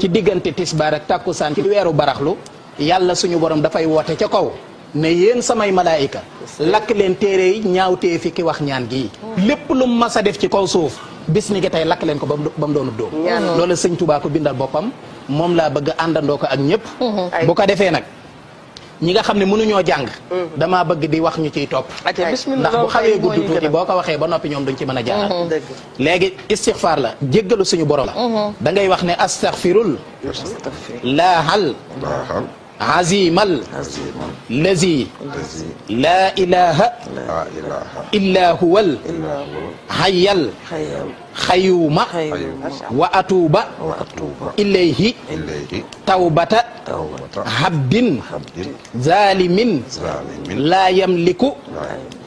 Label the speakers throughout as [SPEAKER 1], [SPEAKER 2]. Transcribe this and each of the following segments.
[SPEAKER 1] ci diggante tisbaar ak tàkkusaan ci weeru baraxlu yàlla suñu borom dafay woote ca kaw ne yéen samay malaayika lakk leen téere yi ñaawtee fi ki wax ñaan gi lépp lu mas a def ci kaw suuf bis ni tey lakk leen ko ba mu doonu dóom loolu sëñ Tuubaa ko bindal boppam moom laa bëgg àndandoo ko ak ñëpp
[SPEAKER 2] mm-hmm. bu ko defee nag
[SPEAKER 1] ñi nga xam ne mënuñoo jàng mm. damaa bëgg di wax ñu ciy topp ndax bu xawee gudd tuuti boo ko waxee ba noppi ñoom duñ ci mën a jaar mm-hmm. Mm-hmm. léegi istixfaar la jéggalu suñu borom la mm-hmm. da ngay wax ne astaxfirul laahal عزيم الذي لا إله إلا هو الحي الخيوم وأتوب إليه توبة عبد ظالم لا يملك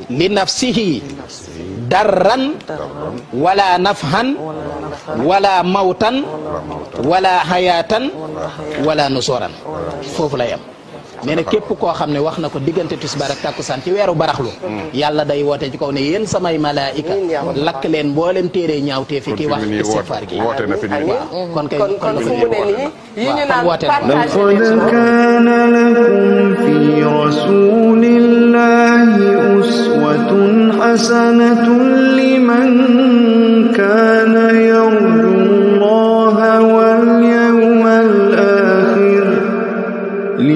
[SPEAKER 1] لنفسه درا ولا نفعا wala mawtan wala hayaatan wala nusuran foofu lay am nee na képp koo xam ne wax na ko diggante tisbaar ak tàkkusaan ci weeru baraxlu yàlla day woote ci kaw ne yéen samay malaayika lakk leen mboolem téere ñaaw te fi kii wax istifaar gi woote na fi nii kon kay kon fu mu ne nii yi ñu naan laqad kaana lakum fi fee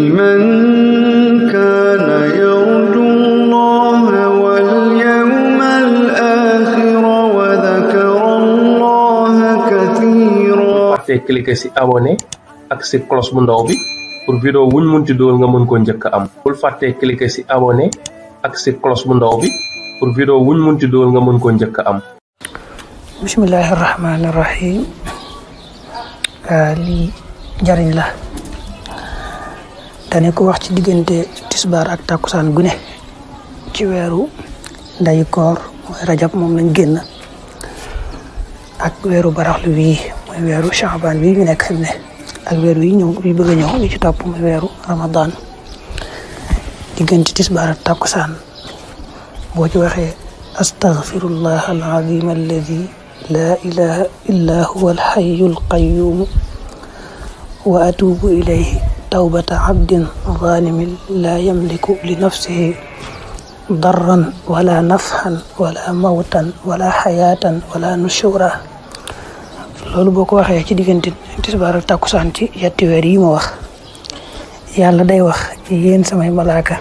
[SPEAKER 1] cliquer ci abonné ak ci cloche bu ndaw bi pour vidéo wuñ munti doon nga mën ko njëkk am bul fàtte cliquer ci abonné ak ci cloche bu ndaw pour vidéo wuñ nga mën ko am
[SPEAKER 2] bismillahir rahmanir rahim ah, dane ko wax ci diggante tisbaar ak takkusaan gune ci weeru ndayu koor mooy rajab moom lañ génn ak weeru baraxlu wii mooy weeru chaabaan bii ñu nekk fi ne ak weeru yi ñëw bi bëgg a ñëw bi ci topp muy weeru ramadan diggante tisbaar ak takkusaan boo ci waxee astaghfirullah alazim alladi laa ilaha illa huwa alxayu alqayumu wa atubu ilayhi توبة عبد ظالم لا يملك لنفسه ضرا ولا نفعا ولا موتا ولا حياة ولا نشورا لول بوكو واخ يا سي ديغنت تيسبار تاكوسان تي ياتي وير يما واخ يالا داي واخ يين سماي ملائكة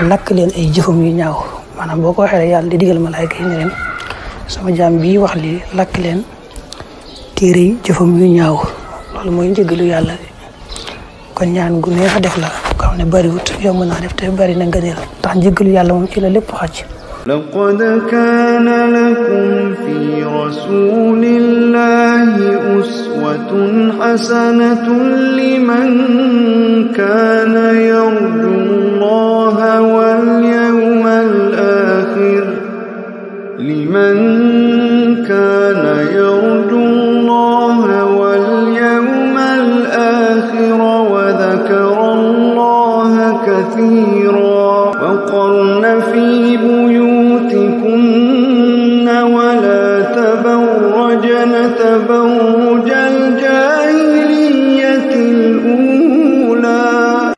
[SPEAKER 2] لك لين اي جيفوم يي نياو مانام بوكو واخ يالا دي ديغل ملائكة يي نين سما جام بي واخ لي لك لين تيري جيفوم يي نياو لول موي نجيغلو يالا kon ñaan gu neex a def la ko xam ne bariwut yomb naa def te bari na ngëneel tax njëggalu yàlla moom ci la lépp xaj لقد كان
[SPEAKER 1] لكم في رسول الله أسوة حسنة لمن كان يرجو كثيرا وقرن في بيوتكن ولا